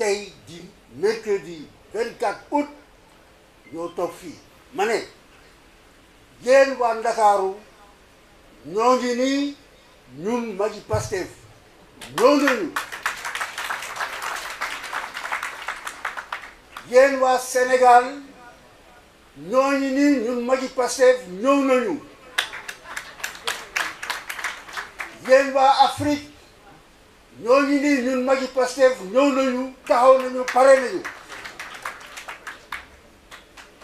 tey di mercredi 24 août ñoo toog fii ma ne yéen waa Ndakaaru ñoo ngi nii ñun magi Pastef ñoo nañu yéen waa Sénégal ñoo ngi nii ñun magi Pastef ñëw nañu yéen waa Afrique ñooñu nii ñun magi Pastef ñëw nañu nous nañu pare nañu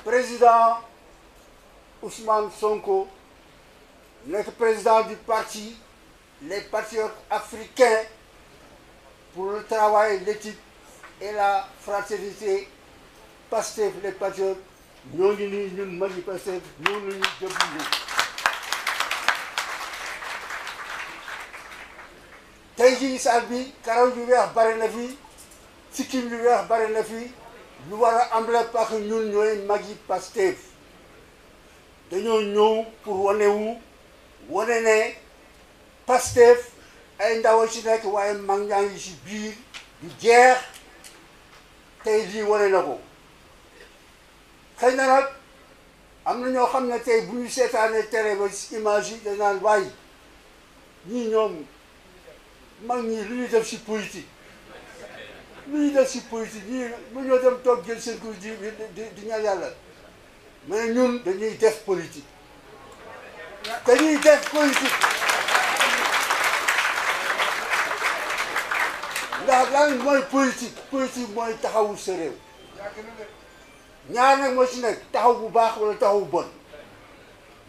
président Ousmane Sonko notre président du parti les patriotes africains pour le travail l'éthique et la fraternité Pastef les patriotes ñooñu nii ñun magi nous ñëw nañu tey jii saal bi karaw yu weex bare na fi sikkim yu weex bare na fi lu war a am la parce ñun ñooy mag yi Pastef dañoo ñëw pour wane wu wane ne Pastef ay ndaw ci nekk waaye mag ñaa ngi ci biir du jeex tey jii wane na ko xëy na am na ñoo xam ne tey bu ñu seetaanee tere ba image yi dañ naan ñii ñoom. mag ñi lu ñuy def si politique lu ñuy def si politique ñii mu ñoo dem toog jël seen kuy di di ñaan yàlla mais ñun dañuy def politique dañuy def politique ndax lan mooy politique politique mooy taxawu sa ñaar ne moo ci nekk taxaw bu baax wala taxaw bu bon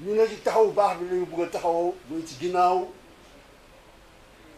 ñu ne ci taxaw bu baax bi lañu bugg a taxawoo muy ci ginnaaw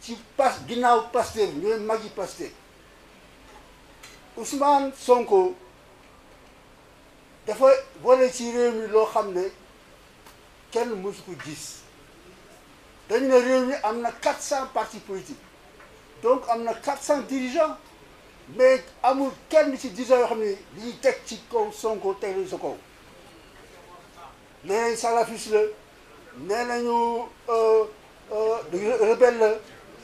ci pas ginnaaw Pastef magi pasteur. Ousmane Sonko dafa ci réew mi lo xamné kenn musu gis réew mi partis politiques donc on a 400 dirigeants mais amul kenn ci ci Sonko la euh, euh rebelle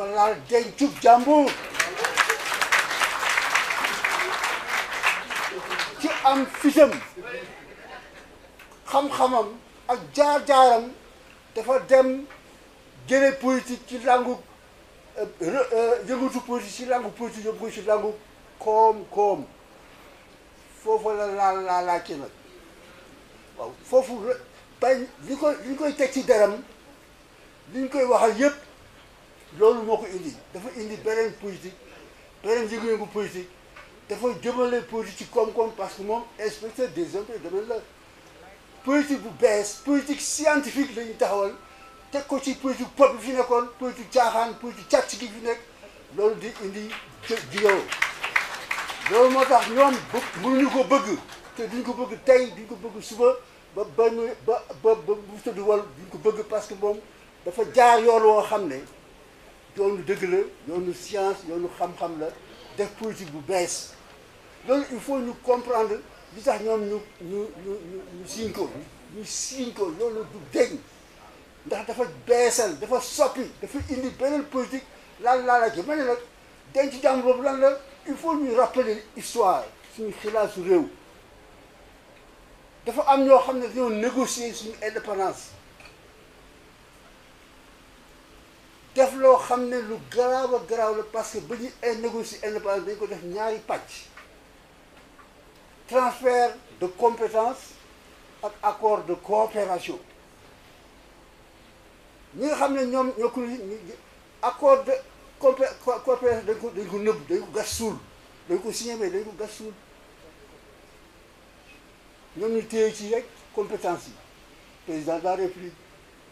dafa laal dencub jàmbur ci am fisam xam-xamam ak jaar-jaaram dafa dem jële politique ci langu yëngatu politique ci langu politique yóbbu ko ci langu koom-koom foofu la laal laa nag foofu bañ li ko li koy teg ci deram li ñu koy waxal yépp loolu moo ko indi dafa indi beneen politique beneen yëngu-yëngu politique dafa jëmale politique ci koom parce que moom inspecteur des impôts et domaines la politique bu bees politique scientifique la ñu taxawal teg ko ci politique pop bi fi nekkoon politique caaxaan politique càcc gi fi nekk loolu di indi jë jigéen loolu moo tax ñoom bë mënuñu ko bëgg te duñ ko bëgg tey duñ ko bëgg suba ba ba ba ba bu tëdd wal duñ ko bëgg parce que moom dafa jaar yoon woo xam ne. Il dëgg la nous science xam-xam la des politiques bu baisse. Donc il faut nous comprendre Nous avons nous nous ñu ñu ñu cinq, ko cinq, ko faut du dégg ndax dafa dafa dafa politique là là, la il faut nous rappeler histoire une xilaasu réew dafa am indépendance xamné lu grave grave la parce que ba ñu ay négocier indépendance dañ ko def ñaari patch transfert de compétences ak accord de coopération ñi xamné ñom ne accord de coopération dañ ko dañ ko nëbb dañ ko gas dañ ko signé mais dañ ko gas suul ñu ci rek compétences yi président de la république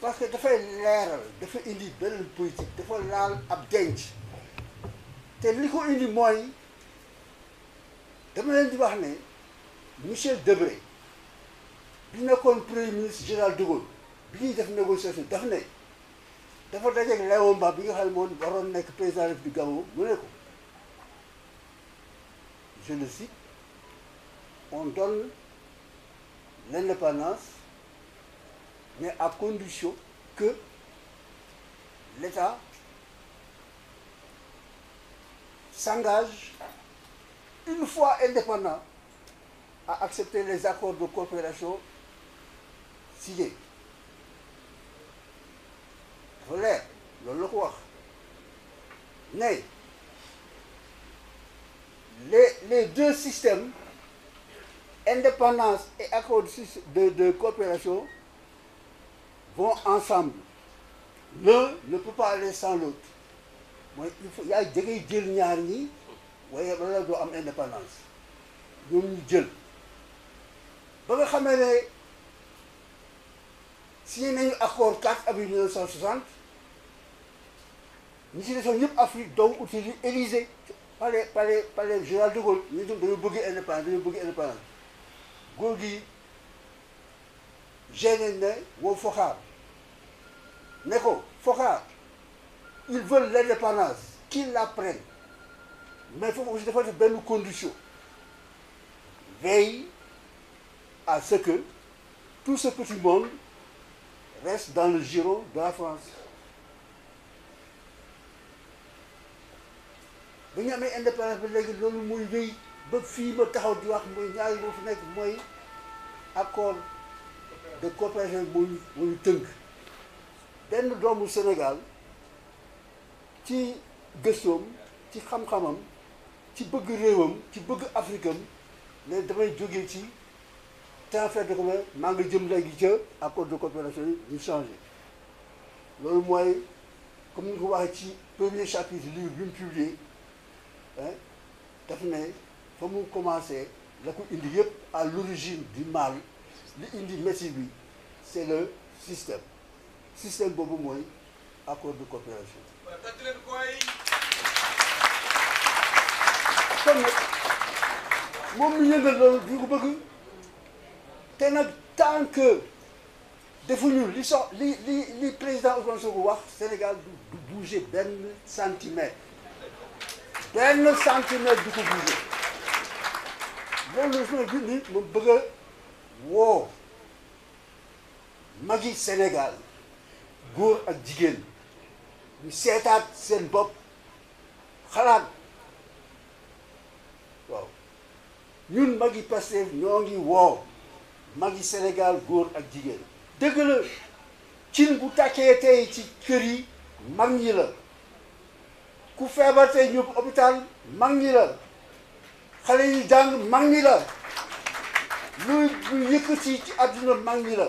parce que dafay leeral dafa indi beneen politique dafa laal ab denc te li ko indi mooy dama leen di wax ne monsieur Debré bi nekkoon premier ministre général de bi ñuy def négociation daf ne dafa dajeeg Léon Mba bi nga xam ne moom waroon nekk président bi Gabon mu ne ko je on donne l'indépendance mais à condition que l'État s'engage, une fois indépendant, à accepter les accords de coopération signés. Voilà, le loir, mais les, deux systèmes, indépendance et accord de, de coopération, vont ensemble. L'un ne peut pas aller sans l'autre. Il faut, a des gens qui ñaar ñi waaye wala doo am indépendance Nous ñu jël ba nga on nous, un accord 4 avril 1960 ñi si desoon nous, Afrique doom Élysée Par exemple, le général de Gaulle Nous sommes bëgg indépendance nous, indépendance ne ko Foka ils veulent l'indépendance qu'ils la prennent mais foofu aussi dafa def benn condition veille à ce tout ce petit monde reste dans le giron de la France bu ñu amee indépendance ba léegi loolu muy wéy ba fii ma taxaw di wax mooy ñaari moo fi nekk mooy accord de coopération moo ñu tënk benn doomu Sénégal ci gëstoom ci xam-xamam ci bëgg réewam ci bëgg Afrikam ne damay jógee ci transfert de commun maa ngi jëm léegi ca accord de coopération yi ñu changé loolu mooy comme ni ko waxee ci premier chapitre livre bi mu publié daf ne fa mu commencé la ko indi yëpp à l'origine di mal li indi métier bi c'est le système système boobu mooy accord de coopération. moom mi yëngal loolu du ko bëgg te nag tant que defuñu li so li li li président Ousmane Sonko wax Sénégal du du benn centimètre benn centimètre du ko bouger loolu la su ma gis nii ma bëgg a woo magi Sénégal. góor ak jigéen ñu seetaat seen bopp xalaat waaw ñun mag yi Pastef ñoo ngi woow mag yi Sénégal góor ak jigéen dëgg la cin bu tàkkee tey ci kër yi mag ñi la ku feebar tey ñëpp hôpital mag ñi la xale yi jàng mag ñi la lu lu yëkkati ci àdduna mag ñi la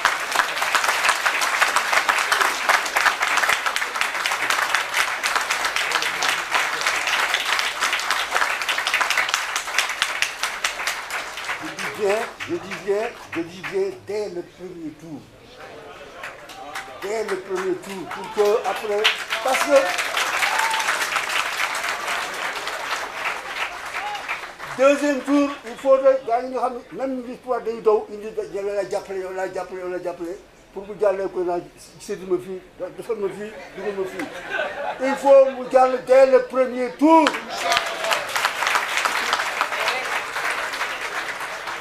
Je disais, je disais dès le premier tour. Dès le premier tour, pour que après. Parce que. Deuxième tour, il faudrait gagner même l'histoire de Yudo, il dit l'a déjà on l'a appelé, on l'a appelé. Pour vous dire que c'est de ma fuir, de ma fuir, de me fuir. Il faut vous dire dès le premier tour.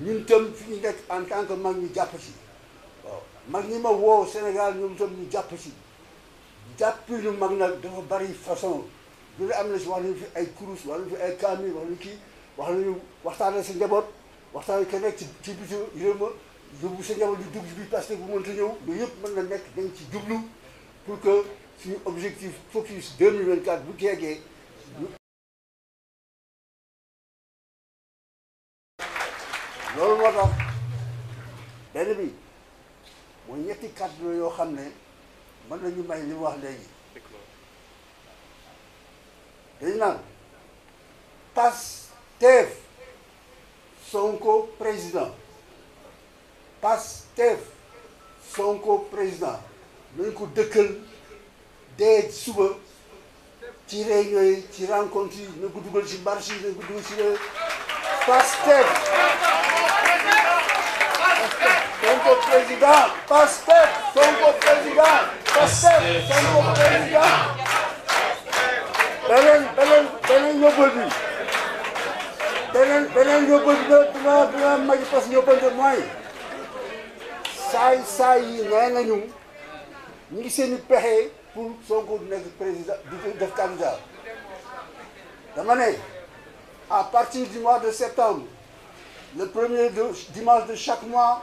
ñun tam fi ñu nekk en tant que mag ñu jàpp si waaw mag ñi ma woow Sénégal ñoom tam ñu jàpp ci jàpp ñu mag nag dafa bari façon lu ne am na si wax nañu fi ay kurus wax nañu fi ay kaami wax nañu kii wax nañu waxtaanee sa njaboot waxtaanee ko nekk ci ci biti réew ma yóbbu sa njaboot di dugg ci biir parce que bu mënta ñëw loolu yëpp mën na nekk dañ ci jublu pour que suñu objectif focus 2024 bu keegee loolu moo tax bi mooy ñetti yooyu yoo xam ne mën nañu may li wax léegi dañ naan pass teef Sonko président pass teef Sonko président nañ ko dëkkal dee suba ci réunion yi ci rencontre yi nañ ko dugal ci marché yi nañ ko ci réunion pass teef como pour son président candidat à partir du mois de septembre le premier dimanche de chaque mois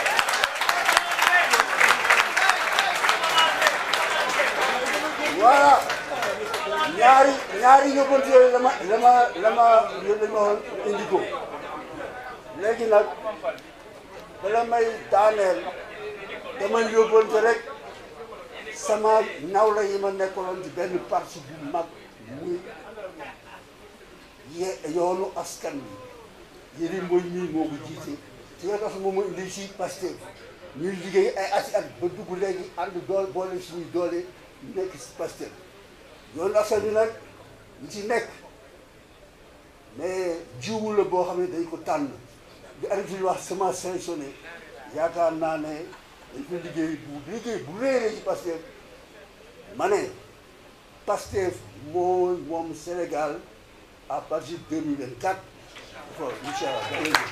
ñaari yóbbante yooyu la ma la ma la ma lañ ma indi ko nag bala may daaneel dama yóbbante rek sama nawla yi ma nekkaloon ci benn parti bu mag muy yoonu askan bi yëri mooy mii moo ko jiite ci liggéey ay ati at ba dugg yoonu askan bi nag li ci nekk mais jiwu la boo xam ne dañ ko tànn bi arrêté fi ñuy wax semence sélectionnée yaakaar naa ne dañ liggéey bu liggéey bu réeree ci Pastef ma ne Pastef moo moom Sénégal à partir de 2024 dafa incha allah